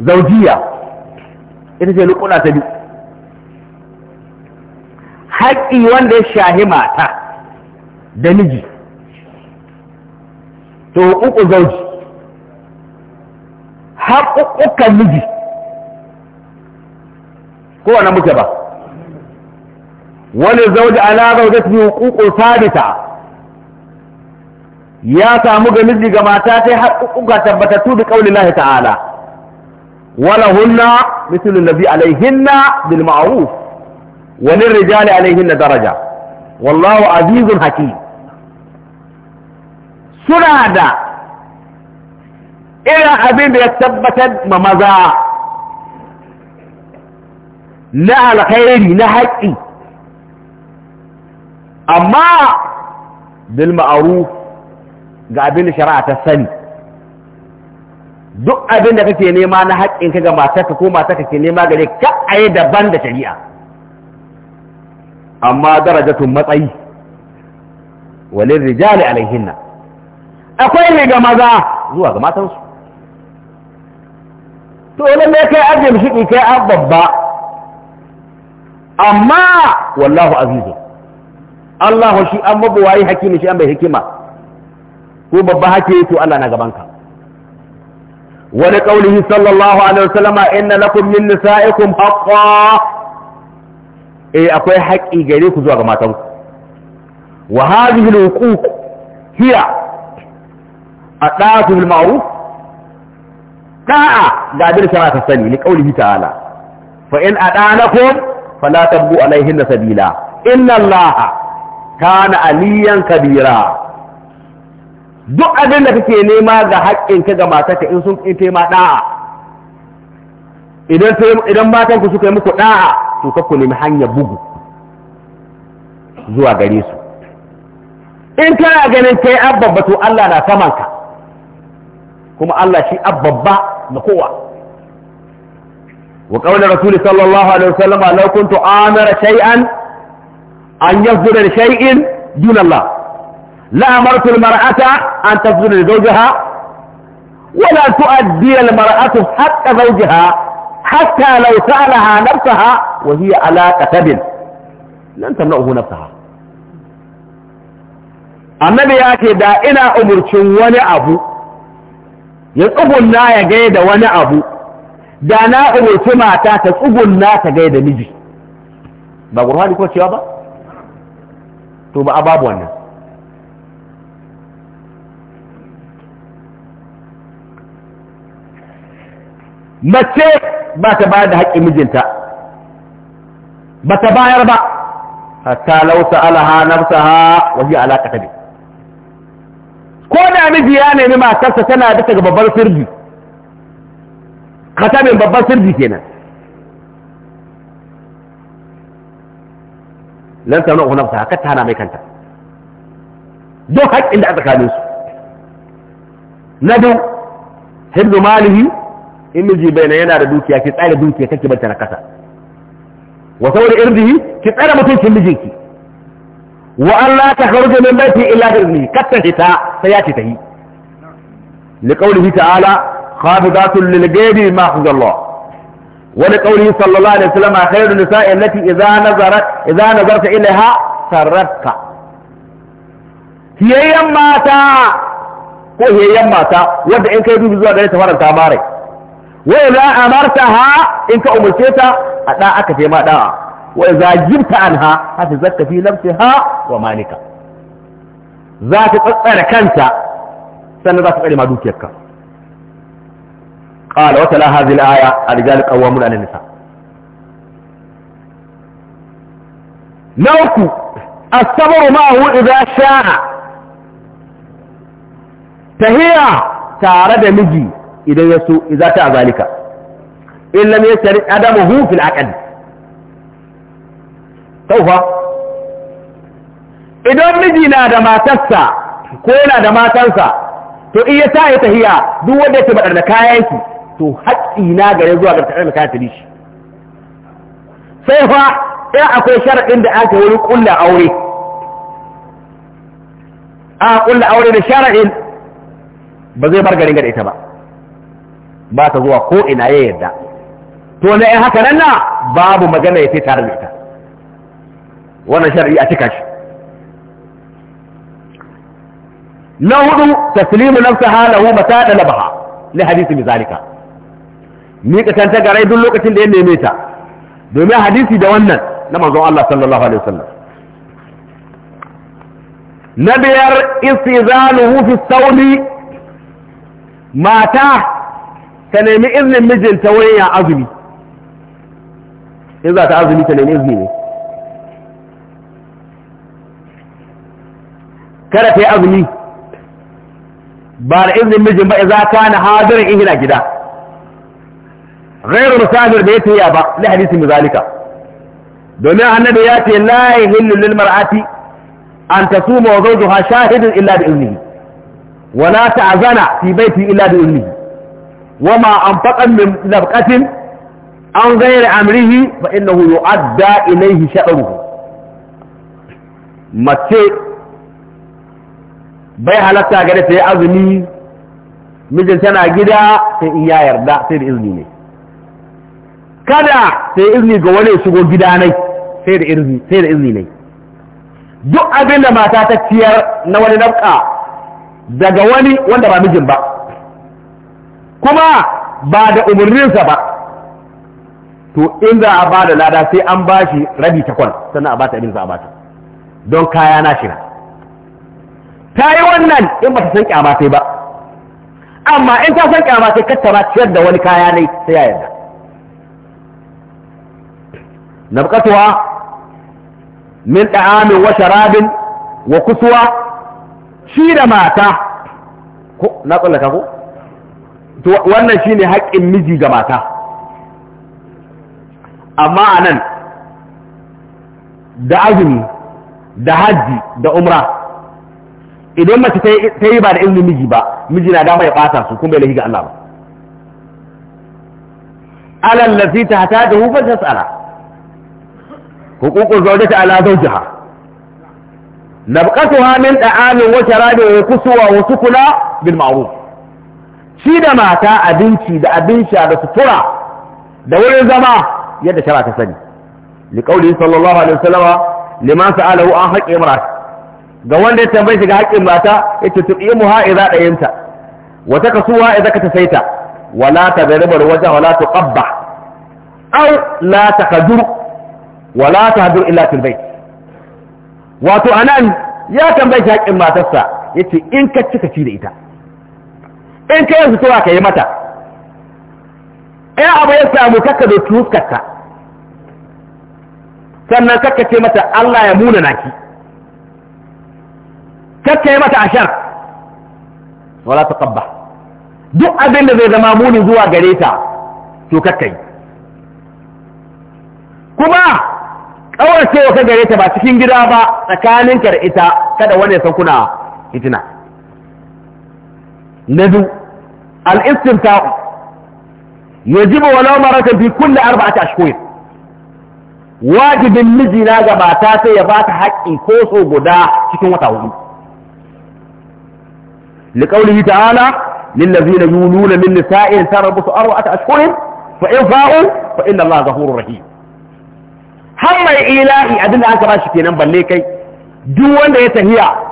zaujiya ita ce lukuna ta biyu haƙƙi wanda ya shahi mata da miji to uku zauji haƙuƙuƙan miji kowane muke ba wani zauji ala zauje su hukuku sabita ya samu ga miji ga mata sai haƙuƙuƙa tabbatattu da ƙaunin lahi ta'ala ولهن مثل الذي عليهن بالمعروف وللرجال عليهن درجة والله عزيز حكيم suna da irin abin da ya tabbatar ma maza na alkhairi na haƙƙi amma bil ga abin shari'a ta sani duk abin da kake nema na haƙƙin ka ga matarka ko matarka ke nema gare ka yi daban da shari'a amma darajatun matsayi walin rijali alaihinna akwai ne ga maza zuwa ga matansu to ne kai shi shiƙi kai an babba amma wallahu azizu Allahu shi an mabuwayi hakimi shi an bai hikima ko babba hake to Allah na gabanka wani ƙaunihi sallallahu alaihi wasallama inna lakum min nisa'ikum haqqa eh akwai haƙi gare ku zuwa ga matanku wa hadhihi al-huquq hiya aqatu bil-ma'ruf ta'a ga bil shara ta sani li qawlihi ta'ala fa in adanakum fala tabu alaihin sabila inna allaha kana aliyan kabira duk abin da kake nema ga haƙƙinka ga matarka in sun kinte ma da'a idan idan matan ku suka yi muku da'a to ka ku nemi hanya bugu zuwa gare su in kana ganin kai abba to Allah na saman ka kuma Allah shi abbabba na kowa wa qawla rasul sallallahu alaihi wasallam law kuntu amara shay'an an yafdura shay'in dun Allah لأمرت المرأة أن تسجد لزوجها ولا تؤدي المرأة حق زوجها حتى لو سألها نفسها وهي على قتب لن تمنعه نفسها annabi ya ce da ina umurcin wani abu ya tsugunna ya gaida wani abu da na umurci mata ta tsugunna ta gaida miji ba ƙurhani ko cewa ba to ba a babu wannan mace ba ta bayar da haƙƙin mijinta ba ta bayar ba hatta lausa alaha nafsaha wa alaƙa ta ne ko da miji ya nemi matarsa tana bisa ga babbar sirri katamin babbar sirri kenan lan ta nuna nafsa haka ta hana mai kanta don haƙƙin da a tsakaninsu na don hibdu malihi in miji bai nan yana da dukiya ki tsare dukiya kake banta na kasa wa saboda irdihi ki tsare mutuncin mijinki wa Allah ta kharuja min baiti illa bi idnihi katta ta sai ya ci tahi li qawlihi ta'ala khafidatun lil ghaibi ma khazallah wa li qawlihi sallallahu alaihi wasallam khairun nisa'i allati idza nazarat idza nazarta ilaiha sarratka hiyayyan mata ko hiyayyan mata wanda in kai dubi zuwa gare ta faranta mare وإذا أمرتها إنك أمرتها أداءك ما دعا وإذا جبت عنها حفظتك في نفسها ومالك ذات تقصر كنت سنة ذات تقري ما دوكيك قال وتلا هذه الآية الرجال قوامون على النساء نوكو الصبر معه إذا شاء تهيئة تارد مجي idan ya so idza ta zalika in lam adamuhu fil aqd idan miji na da matarsa ko yana da matansa, to iya ta yi tahiya duk wanda yake badar da kayan ki to haƙƙi na gare zuwa ga tare kayan shi sai fa in akwai shara'in da aka wuri ƙulla aure a ƙulla aure da shara'in. ba zai bar garin gada ita ba ba ta zuwa ko ina ya yarda to na in haka nan na babu magana ya tare da ita wannan shar'i a cika shi na hudu taslimu nafsaha lahu mata da labaha li hadisi mizalika ni kasanta garai duk lokacin da ya neme ta domin hadisi da wannan na manzon Allah sallallahu alaihi wasallam na biyar istizanuhu fi sauli mata ta nemi izinin mijinta wurin ya azumi in za ta azumi ta nemi izini ne kada ta yi azumi ba da izinin mijin ba za ka na hadirin in hina gida غير مسافر da ya tafiya ba na hadisin mizalika domin annabi ya ce la yahillu lil mar'ati an tasuma wa zawjuha shahidun illa bi iznihi wa la ta'zana fi baiti illa bi iznihi wama anfaqan min nafqatin an ghayri amrihi fa innahu yu'adda ilayhi sha'ruhu mace bai halarta gare ta azumi mijin tana gida sai in ya yarda sai da izini ne kada sai izini ga wani shigo gida nai sai da izini ne duk abin mata ta ciyar na wani nafka daga wani wanda ba mijin ba kuma ba da umarninsa ba to in za a ba da lada sai an ba shi rabi takwal sannan a ba ta abin za a ba ta don kaya na na ta yi wannan in ba ta san kyama sai ba amma in ta san kyama sai katta ba ciyar da wani kaya ne sai ya yarda na bukatuwa min da'amin wa sharabin wa kusuwa shi da mata ko na tsallaka ko to wannan shine haƙƙin miji ga mata amma a nan da azumi da hajji da umra idan mace ta yi ba da izinin miji ba miji na dama ya ɓata su kuma bai ga Allah ba alal lafi ta hata da hufar ta tsara hukukun zaune ta ala zau na zaujiha nabqatuha min amin wa sharabin wa kusuwa wa sukula bil ma'ruf shi da mata abinci da abin sha da sutura da wurin zama yadda shara ta sani liƙauli sallallahu alaihi wasallama liman sa'alahu an haƙe murata ga wanda ya tambaye shi ga haƙƙin mata yace tuqimuha idza dayinta wa takasuha idza katasaita wa la tadribar wajha wa la tuqabba aw la taqdur wa la tahdur illa fil bayt wato anan ya tambaye shi haƙƙin matarsa yace in ka cika ci da ita in ka yanzu tura ka yi mata in abu ya samu kakka da tuskarta sannan kakka ce mata Allah ya muna naki kakka yi mata ashar wala ta kabba duk abin da zai zama muni zuwa gare ta to kakka yi kuma ce wa ka gare ta ba cikin gida ba tsakaninka da ita kada wani ya san kuna hitina na biyu al-istimta'u yajibu walau maratan fi kulli arba'ati ashhur wajibin miji na gabata sai ya bata haƙƙi ko so guda cikin wata hudu liqaulihi ta'ala lillazina yuluna min nisa'in tarabbusu arba'ati ashhurin fa in fa'u fa inna Allah ghafurur rahim har mai ilahi abin da aka bashi kenan balle kai duk wanda ya tahiya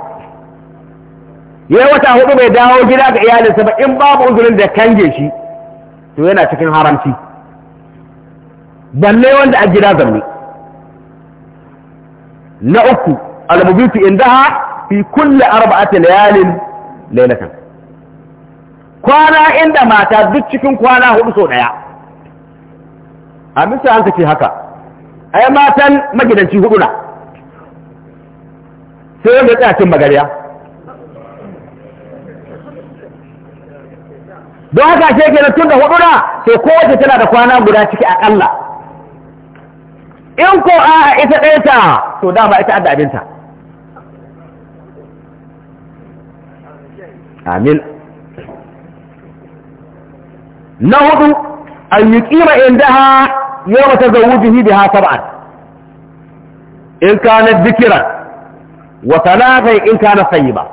ya wata hudu bai dawo gida ga iyalinsa ba in babu uzurin da kange shi to yana cikin haramci balle wanda a gida zanne na uku almubitu ha fi kulli arba'ati layalin lailatan kwana inda mata duk cikin kwana hudu sau daya a bisa an kace haka ai matan magidanci hudu na sai wanda tsaya cin magariya don haka ce kenan tun da hudu na sai kowace tana da kwana guda ciki akalla in ko a ita ɗaya ta to dama ita adda abinta amin na hudu an yi kima inda ha yau mata zawujihi biha sab'an in ka na dikiran wa talatan in ba.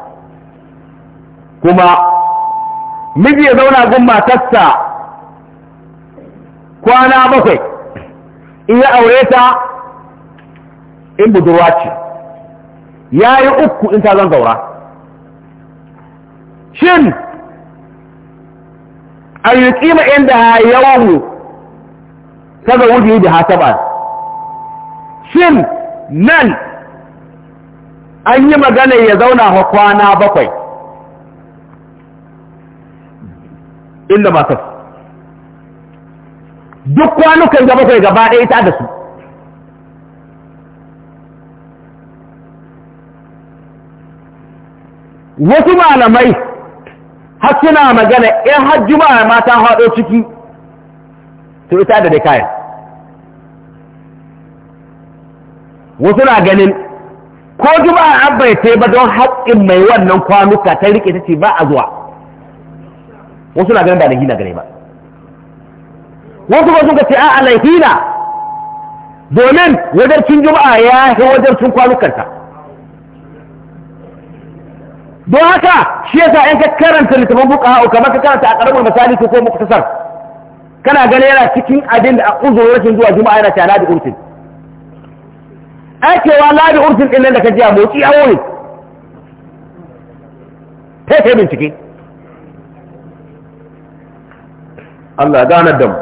kuma miji ya zauna gun matarsa kwana bakwai in ya aure ta in budurwa ce ya yi uku in ta zan zaura shin a yi kima inda yawan ta ga yi da hasaba shin nan an yi magana ya zauna kwana bakwai illa ma kasu duk kwanukan gaba kai gaba ɗaya ita da su wasu malamai har suna magana in har juma ma ta haɗo ciki to ita da dai kayan wasu na ganin ko juma'a an bai ba don haƙƙin mai wannan kwanuka ta rike ta ce ba a zuwa wasu na ganin ba lahina gare ba wasu ba sun ka ce a lahina domin wadarcin juma'a ya yi wadarcin kwanukanta don haka shi yasa 'Yan ka karanta littafin buka hau kamar ka karanta a karamar misali ko muktasar kana gani yana cikin abin da a uzurin rashin zuwa juma'a yana cana da urfin wa ladi urtin ɗin nan da ka ji a motsi a wurin ta bincike Allah ya gane da mu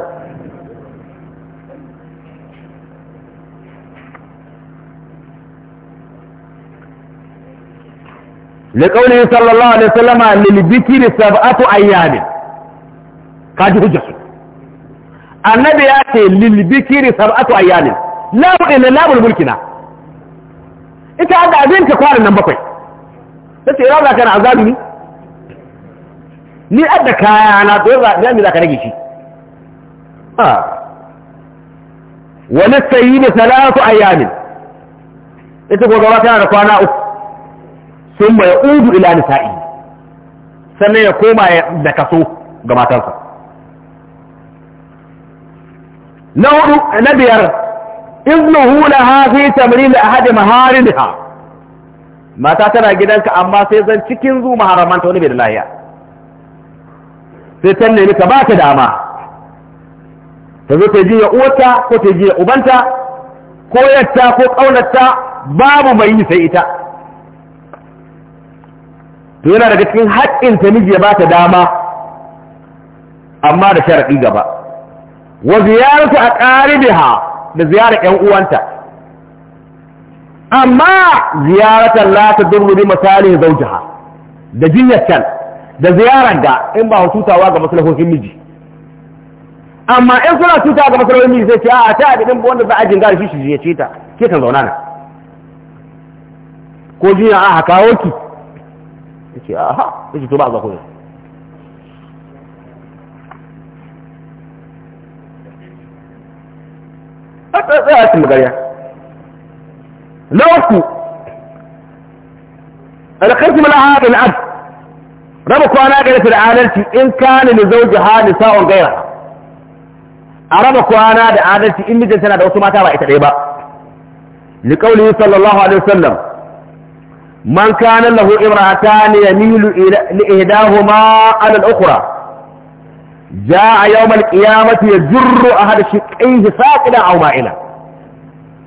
le kawne sallallahu alaihi wasallama lil bikri sab'atu ayyam ka ji hujja su, annabi ya ce lil bikri sab'atu ayyam la ilaha illa allah mulkina ita ga abin ka kwara nan bakwai sai ya ga kana azabi ni adda kaya na to ya mi za ka rage shi wani sayi da salatu ayyamin ita ko gaba tana da kwana uku sun mai udu ila nisa'i sannan ya koma da kaso ga matarsa na hudu na biyar iznuhu laha fi tamrin ahad maharinha mata tana gidanka amma sai zan cikin zu maharamanta wani bai da lahiya sai ta nemi ka ba ta dama ta zo ta jiya uwarta ko ta jiya ubanta ko yatta ko ƙaunarta babu mai yi sai ita to yana daga cikin haƙƙin ta miji ya ba ta dama amma da sharaɗi gaba wa ziyarta a ƙaribiha da ziyarar ƴan uwanta amma ziyaratan la ta durru bi misali zawjaha da jinyar can da ziyarar da in ba hututawa ga maslahohin miji amma in suna tuta ga maslahohin miji sai ce a ta abin wanda za a jinga shi shi ya ce ta ke kan zauna na ko jiya a haka kawo ki a ha yace to ba za ku a tsaya cikin magariya na uku alkhairu malaha bil abd raba kwana gare da adalci in kani ni li zawji ni sa'un gaira a raba kwana da adalci in mijin tana da wasu mata ba ita ɗaya ba li qawlihi sallallahu alaihi wasallam man kana lahu imra'atan yamilu li ihdahuma ala al-ukhra jaa yawm al-qiyamati yajurru ahad shiqayhi saqidan aw ma'ilan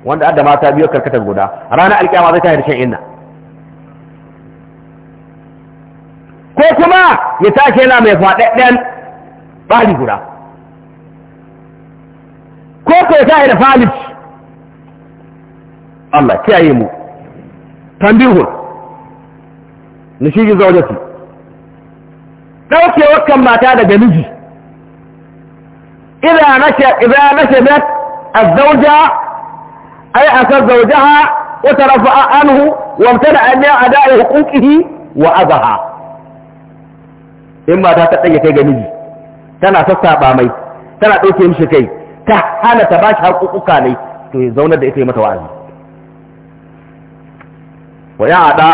wanda adda mata biyu karkata guda rana ranar alkiyama zai tashi da shan inna Ko kuma ya tashi yana mai faɗaɗɗen ɓali guda ko ko ya tashi da falis Allah kiyaye mu tambihun nishigin su. ɗauke wakan mata daga miji idan nashe idan nashe met a zauja ai a san zaujaha wata rafa'a anhu wa mutada an yi a da'ai hukunkihi wa azaha in ba ta ɗage kai ga miji tana sassaɓa mai tana ɗauke mishi kai ta hana ta bashi haƙuƙuka ne to ya zaunar da ita yi mata wa'azi wa ya da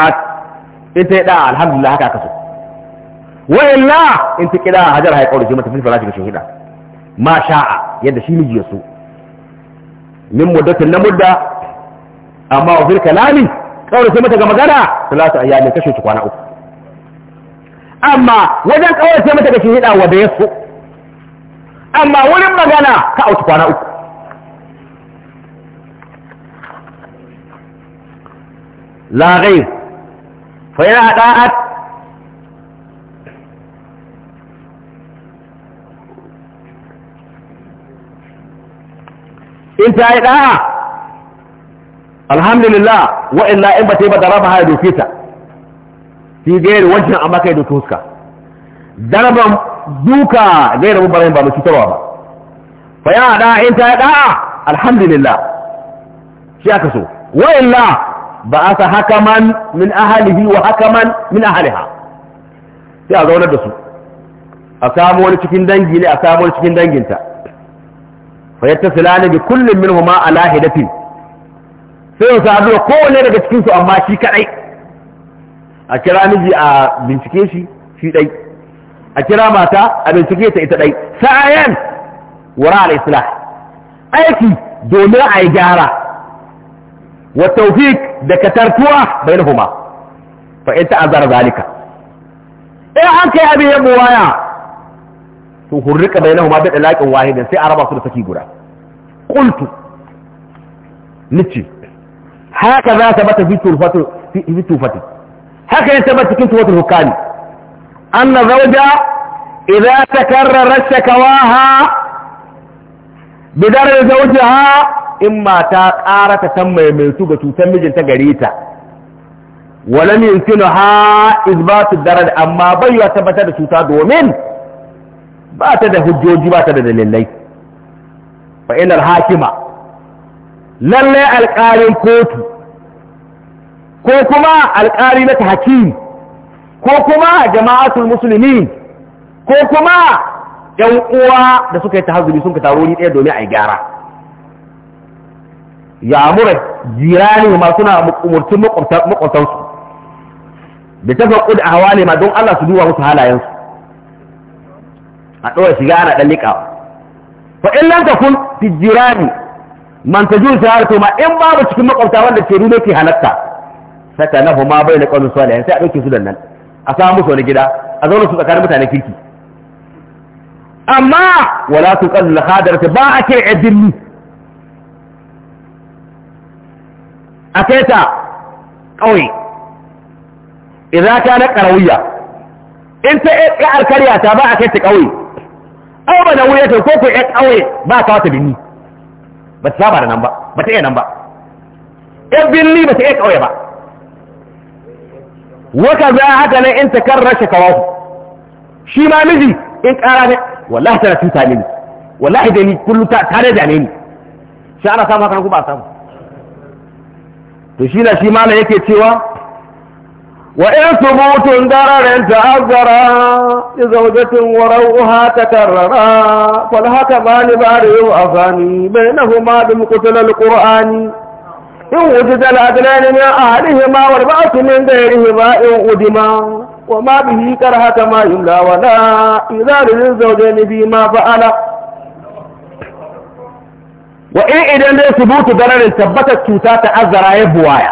in ta yi ɗa'a alhamdulillah haka aka so wa illa in ta ƙi ɗa'a hajar haƙa shi mata filfala shiga shahida ma sha'a yadda shi miji ya so min muddatin na mudda amma wa fil ƙaunar sai mata ga magana salatu ayyamin kashe kwana uku amma wajen kawarce mata da shi hida wa da ya so amma wurin magana ka auki kwana uku la ghaib fa yana da'at in ta yi da'a alhamdulillah wa illa in ba ta yi ba da rafa ha ya doke ta fi yadda wancan amma kai da tuska darban duka gairi mubarayin ba mu cutarwa ba fa ya da in ta da alhamdulillah shi aka so wa illa ba aka hakaman min ahlihi wa hakaman min ahliha sai a zaunar da su a samu wani cikin dangi ne a samu wani cikin danginta fa yattasilani bi kullin minhuma ala hidatin sai su haɗu kowanne daga cikin su amma shi kadai a kira miji a bincike shi shi dai a kira mata a bincike ta ita dai sa'ayan wara al-islah aiki domin a yi gyara wa taufik da katartuwa bai na huma fa'in ta azara zalika eh an kai abin ya buwaya to hurrika bai huma da dalakin wahidin sai araba su da saki guda qultu nici haka za ta bata fi tufatin haka yin tabbata cikin tuwatul hukami anna zawja idza takarrara shakawaha bidar zawjaha in mata ƙara ta san su ga cutar mijinta gare ta walam yumkinu ha isbatu darar amma bai ya tabbatar da cuta domin ba ta da hujjoji ba ta da dalilai fa hakima lallai alƙalin kotu ko kuma alƙari na hakim ko kuma jama'atul musulmi ko kuma yan uwa da suka yi tahazzubi sun ka taro ni ɗaya domin a yi gyara ya mura jirani ma suna umurtun makwabtansu da ta faƙo da hawale ma don Allah su duba musu halayensu a ɗora shiga ana ɗan liƙa fa in lam ka fi jirani man tajul saharatu ma in babu cikin makwabta wanda ke rume ke halatta sakanahuma bayna bai da qawlin salihin sai a dauke su dan nan a samu musu wani gida a zauna su tsakanin mutane kirki amma wala su qallil hadarati ba a kai addini a kai ta kauye idan ka na karawiya in ta ya alkarya ta ba a kai ta kauye au ba na wuya ta ko ku ya kawai ba ka wata binni ba ta saba da nan ba ba ta iya nan ba ya binni ba ta iya kawai ba waka za haka nan in ta takarra shakawahu shi ma miji in ƙara ne wallahi tana tuta ne wallahi da ni kullum ta da jane ni shi ana samu haka kuma a samu to shi na shi na yake cewa wa in subutun dararin ta'azzara li warau uha ta karrara fal haka ni ba da yau afani na bil da al qur'ani in wujuda ladanani min ahadihi ma wal ba'thu min ghayrihi ma in udima wa ma bihi karahata ma yumla wa la idza lil zawjain bi ma fa'ala wa in idan da subutu darar tabbata cuta ta azara ya buwaya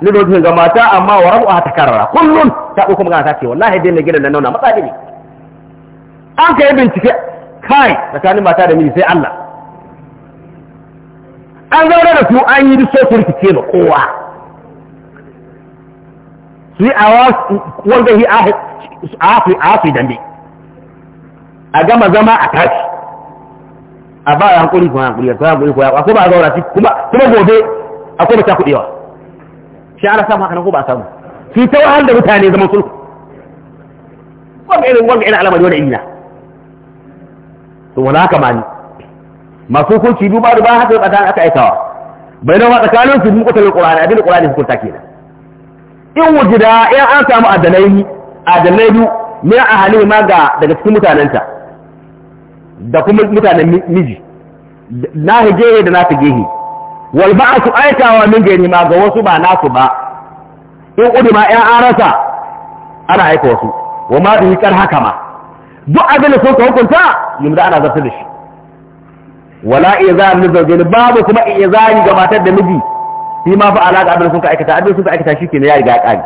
ne dole ga mata amma wa rabu ta karara kullum ta ku kuma ta ce wallahi dai ne gidan nan nauna matsadi an kai bincike kai tsakanin mata da miji sai Allah an zaune da su an yi duk sai rikice da kowa su yi wanda yi a afi dambe a gama zama a tashi a ba ya hankuri kuma hankuri kuma hankuri kuma hankuri kuma zaura ci kuma gobe akwai ba ta kuɗewa shi ana samu haka nan ko ba a samu su ta wahal da mutane zaman sulhu wanda irin wanga irin alamari wani ina to wala haka ma ni masu hukunci duba duba haka tsakanin aka aikawa bai nan tsakanin su mu kutalin qur'ani abin da su kurta kenan in wujida in an samu adalai adalai biyu ne a halin ma ga daga cikin mutanen ta, da kuma mutanen miji na hijehe da na figehe wal ba'su aikawa min gani ma ga wasu ba nasu ba in kudi ma in arasa ana aika wasu wa ma bi kar haka ma duk abin da sun hukunta yumda ana zartar da shi wala izan lizaujin babu kuma izani ga matar da miji fi ma fa alaka abin sun ka aikata abin sun ka aikata shi kenan ya riga ya kare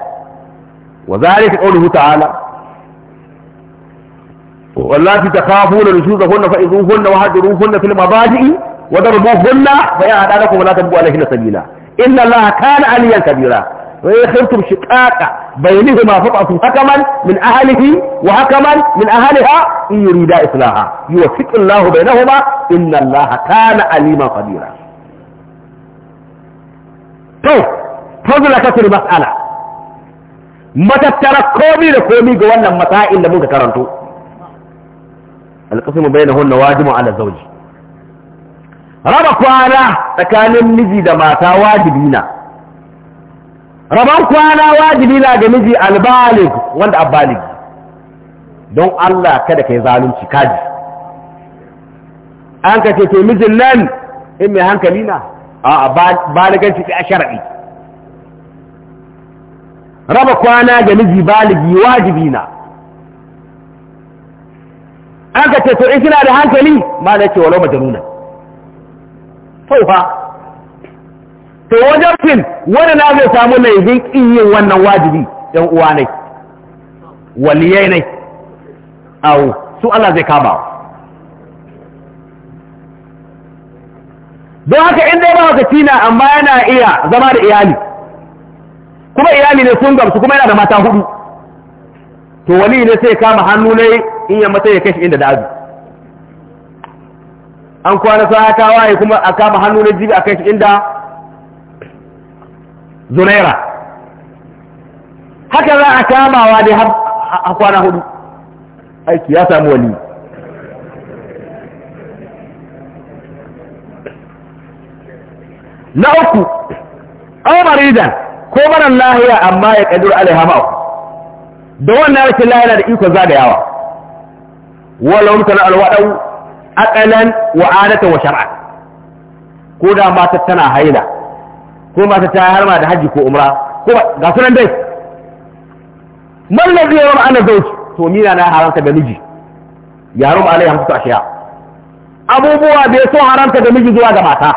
wa zalika qawluhu ta'ala wallati takhafuna nusuzahunna fa idhuhunna wa hadiruhunna fil mabadi'i wa darbuhunna fa ya'dalakum wa la tabu alayhinna sabila inna allaha kana aliyan kabira ويخرتم شقاقة بينهما فطعة حكما من أهله وحكما من أهلها إن يريد إصلاحا يوفق الله بينهما إن الله كان عليما قديرا طيب فضل كثير مسألة متى التركومي لكومي جوانا متى إلا منك كرنتو القسم بينهن واجب على الزوج ربك وانا تكالي النجي ماتا واجبينه. rabar kwana wajibi na ga miji albalig wanda abbalig don Allah kada ka yi zalunci kaji an ka ce mijin nan in mai hankali na a baliganci a sharaɗi raba kwana ga miji baligi wajibi na an ka ce to in kina da hankali ma na ce walau majanuna faufa to wajen fil wani na zai samu laifin ƙin yin wannan wajibi ɗan uwa ne waliyai ne au su Allah zai kama don haka in dai ba haka tina amma yana iya zama da iyali kuma iyali ne sun gamsu kuma yana da mata hudu to wali ne sai kama hannu ne in ya mata ya kashi inda da azu an kwana sa ya kawaye kuma a kama hannu ne jibi a kashi inda zunaira haka za a kamawa dai har a kwana hudu aiki ya samu wani. na uku an maridan ko marar lahiya amma ya ƙadur uku da wannan rikin lahiya da ikon zagayawa wala mutane alwaɗau aƙalan wa'adata wa shar'a ko da mata tana haila ko mata ta har ma da haji ko umra ko ga sunan dai mallan zai yawan ana zauci to mina na haramta da miji ya haram alai hamsu ashiya abubuwa da ya so haramta da miji zuwa ga mata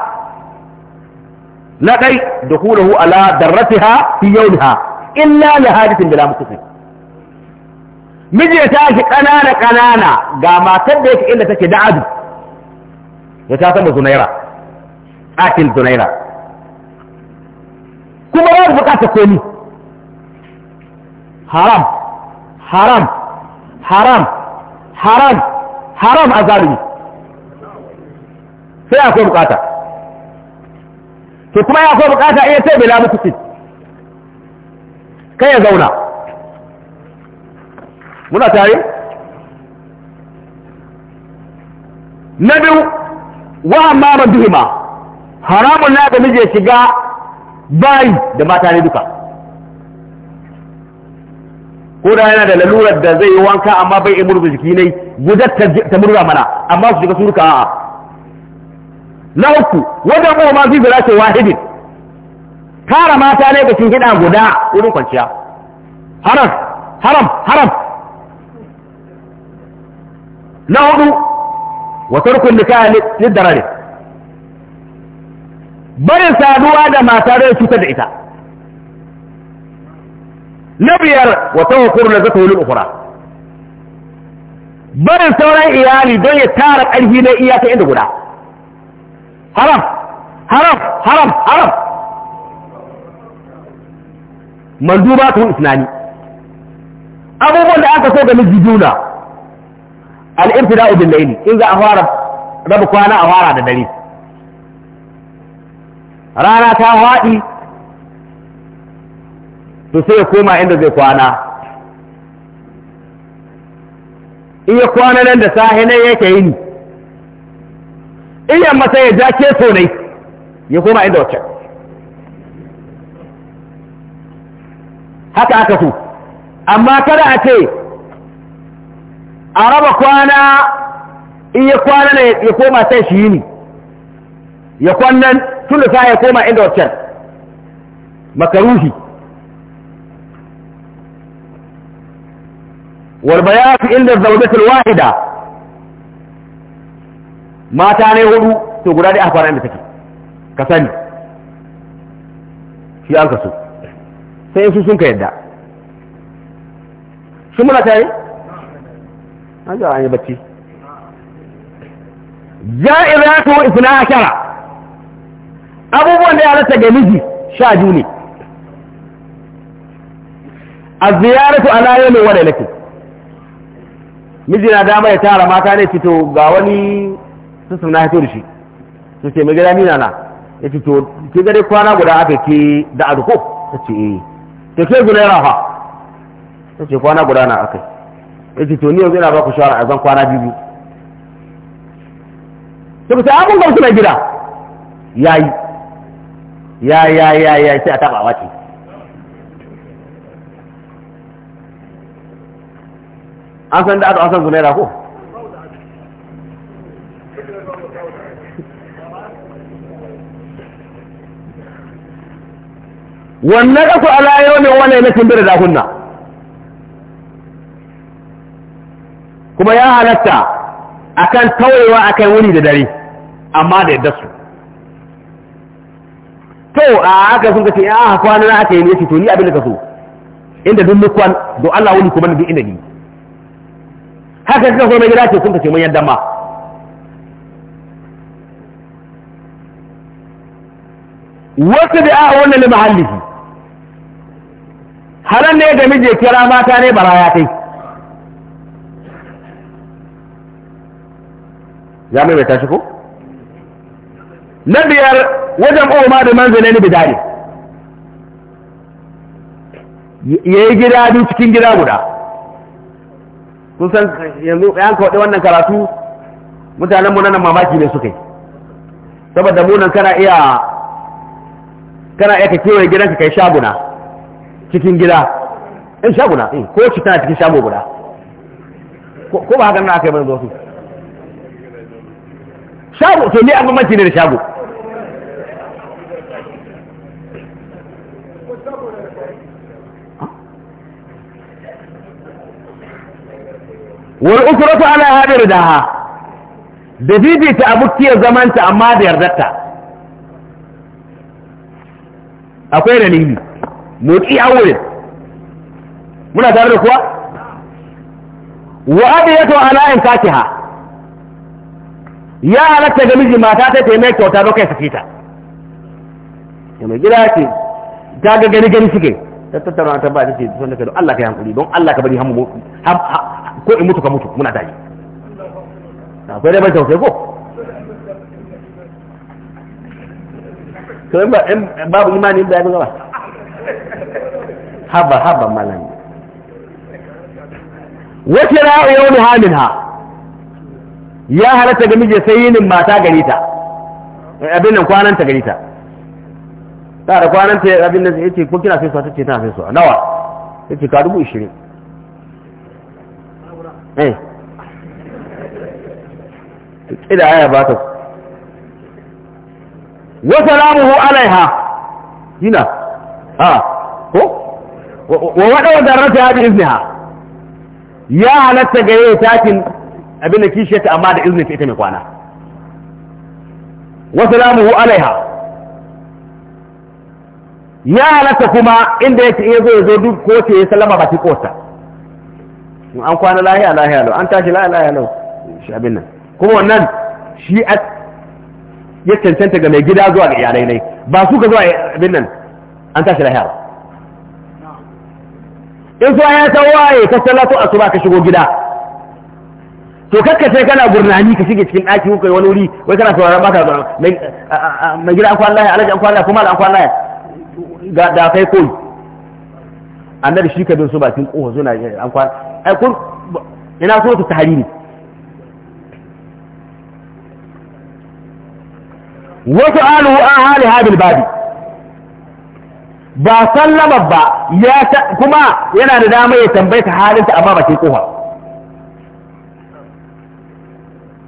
na kai da kulahu ala darratiha fi yawliha illa la hadithin bila mutasi miji ya tashi kanana kanana ga matar da yake inda take da'adu ya ta sama zunaira atil zunaira kuma ba bukatar komi haram haram haram haram haram a zalimi sai akwai bukata to kuma ya akwai bukata iya ce bela mutukin kai ya zauna muna tare na biyu wa'an mamar duhima haramun na ga mije shiga bayi da mata ne duka ko da yana da lalurar da zai yi wanka amma bai yi murza jiki ne gujar ta murza mana amma su shiga surka a'a na uku wajen kuma ma fi zira ce wahidin kara mata ne ga cikin hida guda wurin kwanciya haram haram haram na hudu wa tarkun nikaha lid darari barin saduwa da mata zai cutar da ita na biyar wata hukumar da zata wulin ukura barin sauran iyali don ya tara ƙarfi na iyaka inda guda haram haram haram haram manduba ta hun islami abubuwan da aka so ga miji juna al'irtida'u bin laili in za a fara raba kwana a fara da dare rana ta haɗi to sai ya koma inda zai kwana iya kwana nan da sahi nan yake yini iya masa ya ja keto ne ya koma inda wacce haka aka so amma kada a ce a raba kwana iya kwana ne ya koma sai shi yini ya kwannan tun da ya koma inda wacan makaruhi walbaya fi inda zaunatul wahida mata ne hudu to guda dai a faru inda take ka sani shi an kaso sai yin su sun ka yadda shi muna ta yi an yi bacci ja'irato ifina shara abubuwan da ya ga miji sha biyu ne a ziyaratu ala yamin wani lafi miji na dama ya tara mata ne fito ga wani sussun na fito da shi su ce mai nina na ya fito ke gare kwana guda aka ke da aduko ta ce eh ta ke guda yana fa ta ce kwana guda na aka ya fito ni yanzu yana ba ku shawara a zan kwana biyu ta ku sai abin na gida ya yi ya ya ya ya sai a taba wace an san da aka an san zunaira ko wannan aku ala ne wala na bir da kunna kuma ya halatta akan taurewa akan wuni da dare amma da yadda su to a haka sun kace a ah, kwana na aka yi ne to ni abin da kaso inda duk kwan do Allah wani kuma duk inda ni haka suka zo mai gida ce sun kace mun yadda ma wasu da a ah, wannan da mahallifi halan ne da mije kira mata ne baraya kai ya mai ta shi ko na biyar wajen o ma da manzana ni bidari ya yi gida biyu cikin gida guda kun san yanzu ka kawaɗe wannan karatu mutanen mu nan mamaki ne suka yi saboda munan kana iya kana iya ka kewaye gidanka kai shaguna cikin gida in eh, shaguna eh ko ci tana cikin shago guda ko ba haka na aka yi mana zo su shago to ni an bambanci ne da shago wal usratu ala hadir daha da bibita abukiyar zamanta amma da yardarta akwai dalili motsi aure muna tare da kuwa wa abiyatu ala in kakiha ya halatta da miji mata ta taimai kyauta zo kai sake ta mai gida ce ta ga gani gani suke ta tattara ta ba ta ce sun da don Allah ka yi hankuli don Allah ka bari ko in mutu ka mutu muna tare akwai dai bai ko to ba babu imani da yabin gaba haba haba malam wace ra'u yau ni hamin ha ya halatta ga mije sai yinin mata gari ta abin nan kwanan ta gari ta ta da kwanan ta abin nan yace ko kina sai su ta ce ta sai su nawa yace ka dubu 20 ƙida eh. aya ba ta wa salamuhu alaiha yana ha ko wa waɗanda zarrata ya bi izniha ya halatta ga yau takin abin da kishiyar ta amma da izinin ta ita mai kwana wasu salamuhu alaiha ya halatta kuma inda yake iya zo ya zo duk ko ce ya sallama ba ta kosa an kwana lahiya lahiya lau an tashi lahiya lahiya lau shi abin nan kuma wannan shi ya cancanta ga mai gida zuwa ga iyalai ne ba su ka zuwa abin nan an tashi lahiya ba in zuwa ya ta waye ka salatu asuba ka shigo gida to kakka sai kana gurnani ka shige cikin daki ko kai wani wuri wai kana tsoron baka mai gida an kwana lahiya alaji an kwana lahiya kuma an kwana lahiya ga da kai koyi annabi shi ka bin su bakin kofa suna an kwana ai ina so su tahrimi wa su'aluhu an hali hadil babi ba sallama ba ya kuma yana da dama ya tambaye ta halinta amma ba ke kofa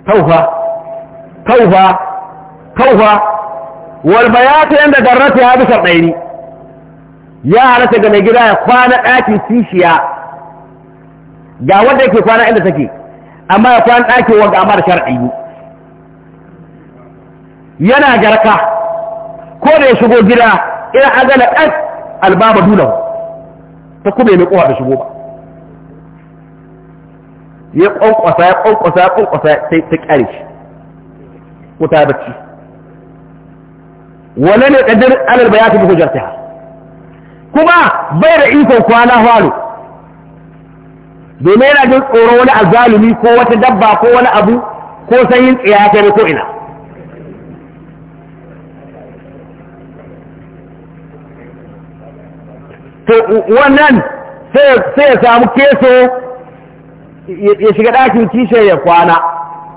kaufa kaufa kaufa wal bayatu inda darrata ya bi ya halatta ga mai gida ya kwana ɗakin sishiya. ga wanda yake kwana inda take amma ya kwana ɗaki wanga amma da shar'i biyu yana garka ko da ya shigo gida ina agala ɗan albaba dulahu ta kuma mai kowa da shigo ba ya ƙwanƙwasa ya ƙwanƙwasa ya ƙwanƙwasa sai ta ƙyare shi ta bacci wala ne ƙaddar alal bayatu bi hujjartiha kuma bai da ikon kwana hwalo domin yana jin tsoron wani azalumi ko wata dabba ko wani abu ko sanyin tsaya ta ko ina to wannan sai ya samu keso ya shiga ɗakin kishiyar ya kwana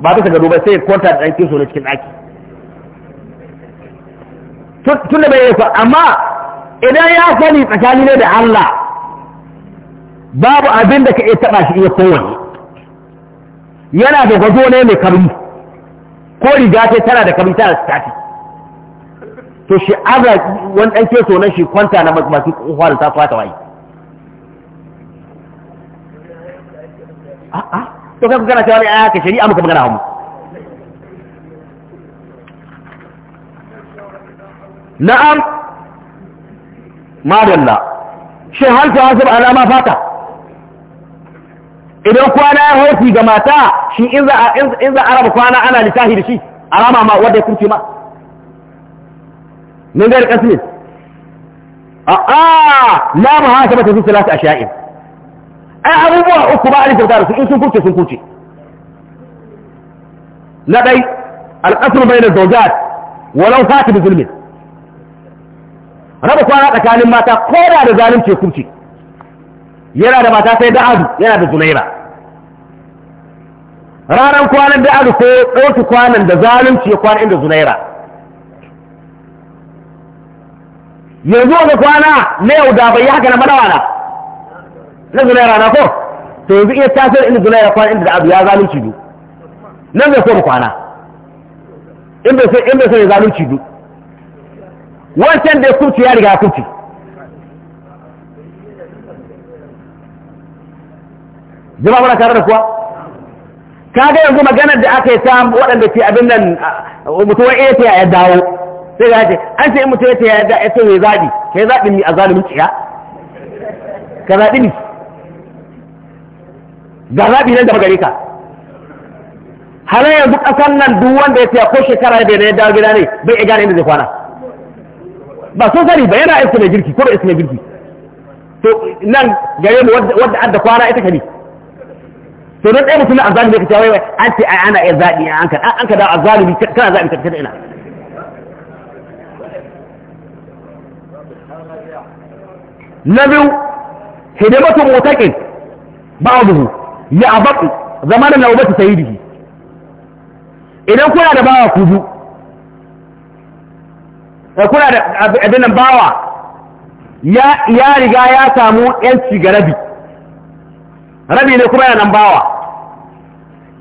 ba ta gado ba sai ya kwanta da ɗan keso na cikin ɗaki tun da bai yi amma idan ya sani tsakani ne da Allah babu abin da ka iya taɓa shi iya kowane yana da gwazo ne mai kari ko riga ce tana da kari tana tafi to shi aza wani ɗan keso na shi kwanta na masu da ta fata waye a'a to kai kana cewa ne a ka shari'a muka magana hamu na'am madalla shi hal ta hasib alama fata idan kwana ya haifi ga mata shi in za a raba kwana ana littafi da shi a rama ma wadda ya kurce ma min gari kasmin a a la mu haka mata sun salatu a sha'in ai abubuwa uku ba a da su in sun kurce sun kurce na ɗai alƙasar bai da zaujat walau fata da zulmin raba kwana tsakanin mata ko da da zalunce kurce yana da mata sai da'adu yana da zunaira ranar kwanan da'adu ko ɗauki kwanan da zalunci ya kwanan inda zunaira yanzu wanda kwana na yau da bai yi haka na madawa na na zunaira na ko to yanzu iya tasiri inda zunaira kwana inda da'adu ya zalunci du nan zai so kwana in bai so ya zalunci du wancan da ya kurci ya riga ya kurci jama'a mana tare da kuwa ka ga yanzu maganar da aka yi ta waɗanda ke abin nan mutum wai ya ya dawo sai ga ce an ce mutum ya ya da ya ce mai zaɓi ka yi ni a zalimin ƙiya ka zaɓi ni ga zaɓi nan da magare ka halar yanzu ƙasar nan duk wanda ya ce ko shekara bai na ya dawo gida ne bai iya gane inda zai kwana ba sun sani ba yana aiki mai girki ko da iska mai girki to nan gare mu wadda adda kwana ita ka ne to don ɗaya mutum na azalimi ka cewa an ce ai ana iya zaɓi an ka an ka da azalimi kana zaɓi ka fita ina na biyu ba mutakin ba'aduhu ya abaku zamanin na sayi sayidi idan kuna da bawa kudu eh, kuna da abin bawa ya riga ya samu yanci ga rabi rabi ne kuma yana nan bawa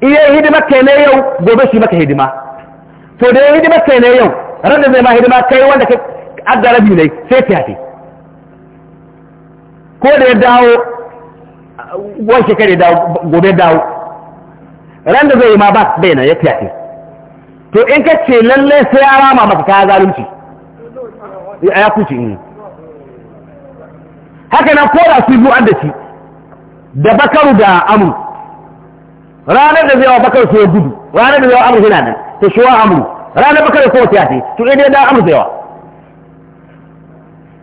iya hidima kene ne yau gobe shi maka hidima to da ya hidima kene ne yau ranar zai ma hidima kai wanda ka addara biyu ne sai ta yafe ko da ya dawo wani shekara dawo gobe dawo ran zai yi ma ba bai na ya fiyafe to in ka ce lalle sai ya rama maka kaya zalunci ya kuce in mm. haka na kora su biyu an da shi da bakaru da amu ranar da zai wa bakar sai gudu ranar da zai wa amur yana nan to shi wa amur ranar bakar ko ta ce to dai da amur zai wa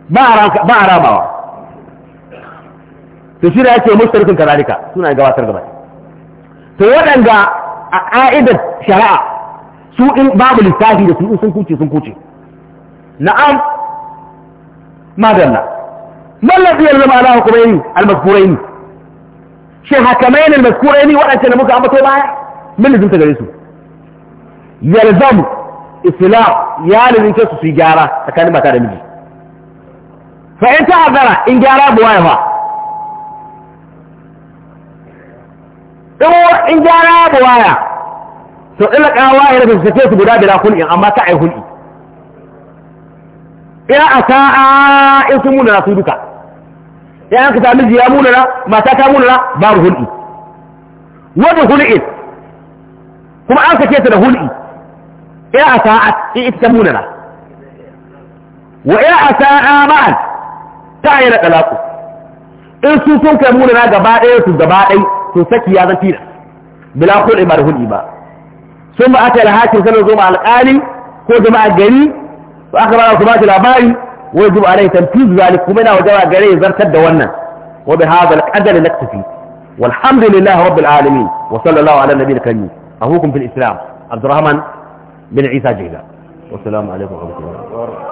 ba a ba a ramawa to shi da yake mustarkin kazalika suna gabatar gaba to waɗanda a ƙa'idar shari'a su in babu lissafi da su in sun kuce sun kuce na'am madalla mallabi yanzu ma'ana hukumaini al-mazkuraini shin hakamai ne mazkurai ni waɗancan da muka ambato baya min lizinta gare su yalzam islam ya lizinta su su yi gyara tsakanin mata da miji fa in ta'azzara in gyara bu waya fa in gyara bu waya to ilaka waya da su ce su guda bila kulli amma ta ai hul'i ya asa'a in sun muna su duka ya aka ta miji munana mata ta munana babu hulɗi wani hulɗi kuma an kace ta da hulɗi ya a in ita ta munana wa ya a sa'a ma'an ta yi na ɗalaku in su sun kai munana gaba ɗaya su gaba ɗai to saki ya zafi da bila hulɗi ba da hulɗi ba sun ba aka yi alhakin sanar zo ma alƙali ko jama'a gari ba aka ba su ba shi labari wajib alai tanfiz zalik kuma yana wajaba gare ya zartar da wannan wa bi hadha al-qadar naktafi walhamdulillahi rabbil alamin wa sallallahu ala nabiyil karim ahukum fil islam abdulrahman bin isa jila wassalamu wa